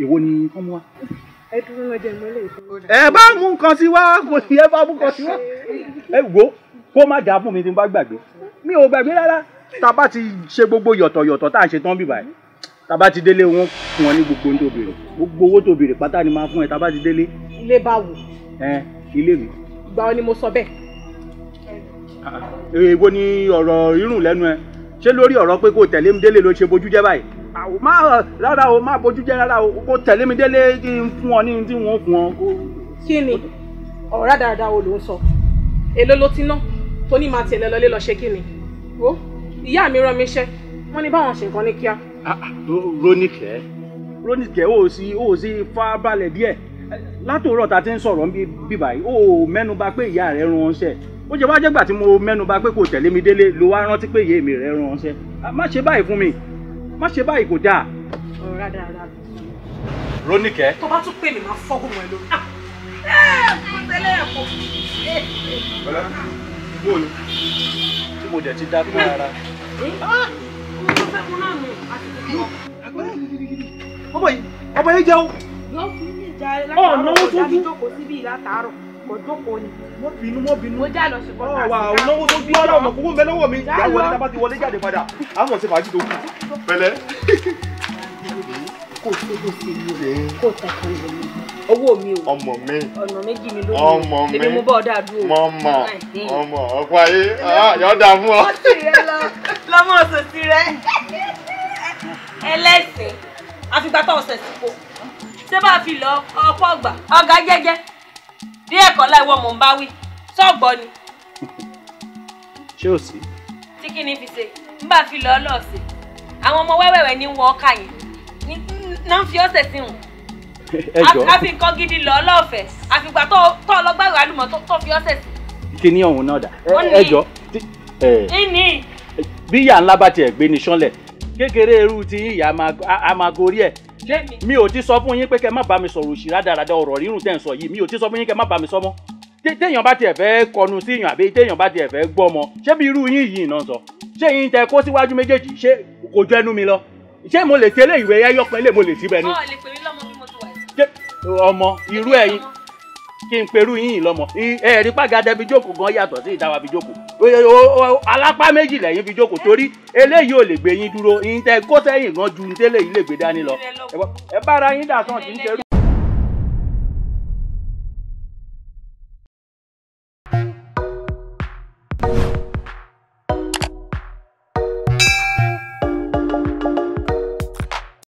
èwo ni kán mú wa. ẹ dúró lọ́jọ́ ìmọ́lẹ̀ ìfowópamọ́. ẹ bá mú nǹkan sí wá kò sí ẹ bá mú nǹkan sí wá. ẹ wo kó má jà fún mi tí n bá gbàgbé mi ò gbàgbé rárá tá a bá ti ṣe gbogbo yọ̀tọ̀yọ̀tọ̀ tá a ṣe tán bíbáyìí tá a bá ti délé wọn fún ọ ní gbogbo ohun tó béèrè gbogbo owó tó béèrè pátá ni máa fún ẹ tá a bá ti délé. ilé bá wò. ẹ ilé mi. ìgbà wo ni mo sọ bẹ́ẹ̀. èèwo ni ọ̀rọ̀ rírùn lẹ́nu ẹ ṣé lórí ọ̀rọ̀ pé kò tẹ̀lé mi délé ló ṣe bójú jẹ́ báyìí àwọn má rárá o má bójú jẹ́ rárá o kò tẹ̀lé mi délé kí n fún ọ ní tí wọ́n fún ọ. kí ni ọ̀rọ̀ rádaràda wo ló ń sọ èló ló ti ná tó ní máa tẹ̀lé lọlé lọ ṣe kí ni wo ìyá mi rán mi iṣẹ́ wọ́n ní báwọn ṣe nǹkan ní kíá. Ah, ah, Rónìkẹ́ Rónìkẹ́ o sì o sì fa balẹ̀ díẹ̀ látòórọ̀ ta ti ń sọ̀rọ̀ bí báyìí o mẹ́nuba pé ìyá rẹ̀ rán ọṣẹ́ ó jẹ́ wá jẹ́gbà tí mo mẹ́nuba pé kò tẹ̀lé mi délé ló wá rántí pé ìyá mi rẹ̀ rán ọṣẹ́ ah, má ṣe báyìí fún mi má ṣe báyìí kò dáa. ọ̀rọ̀ rádaràda. Rónìkẹ́. tó bá tún pè mí máa fọ́ gbogbo ẹ lórí. Ah! Eh! mo tẹ́lẹ̀ ẹ̀kọ́. Eh! bọ́lá mo ní tí mo dẹ̀ ti dá fún ara. Eh! Ah! mo tó fẹ́ kun náà nù àti ọmọ yìí ọmọ yìí jẹun. yóò fi ní ìjà láti àárọ̀ ọ̀dà mi jókòó síbí látàárọ̀ kò jókòó ni. mo bínú mo bínú. mo já lọ ṣùgbọ́n tàbí ká. olówó tó gbọ́ ọ̀rọ̀ ọmọkùnrin ń bẹ lọ́wọ́ mi. ìyá wọlé tá ti wọlé jáde padà á mọ̀ sí fàájì tó kù. pẹ̀lẹ́. kò tó kò tẹ̀kọ̀ ah, ẹlẹ́sìn àfìgbà ọ̀sẹ̀ sí ṣé bá fi lọ ọ̀pọ̀ ọgbà ọ̀gá jẹ́jẹ́ díẹ̀ kọ́ láìwọ́ mò ń bá wí sọ́gbọ́ ni. ṣé ni fi ṣe ń fi lọ àwọn ọmọ wẹ́wẹ́wẹ́ ní wọ́n ọkà yẹn náà ń fi ọ̀sẹ̀ sí wọn. ẹ gidi lọ lọ́ọ̀fẹ́ àfìgbà tó ni náà dà ẹ jọ. ìní. bí ìyá ńlá bá tiẹ̀ gbé kékeré eru ti ìyá mi ò ti sọ fún yín pé kẹ má bá mi sọ̀rọ̀ òṣì rádaràda ọ̀rọ̀ rírùn tẹ̀ ń sọ yìí mi ò ti sọ fún yín kẹ má bá mi sọ mọ́ téèyàn bá tiẹ̀ fẹ́ kọnu sí èèyàn àbí téèyàn bá tiẹ̀ fẹ́ gbọ́ ọmọ ṣé bí irú yín yìí náà sọ ṣé yín tẹ kó síwájú méjèèjì ṣé kò jọ ẹnu mi lọ ṣé mo lè tẹ́lẹ̀ ìwé ẹyọ kan lè mo lè síbẹ̀ nu. ọmọ irú ẹ̀yin kí n perú yín lọmọ ẹ̀rí pàgádẹ́ fi jókòó gan yàtọ̀ sí ìdáwà fi jókòó alápá méjì lẹ́yìn fi jókòó torí eléyìí ò lè gbé yín dúró yín tẹ kó sẹ́yìn gan ju tẹ́lẹ̀ yìí lè gbé dání lọ ẹ bára yín dà sàn tí ń tẹrù.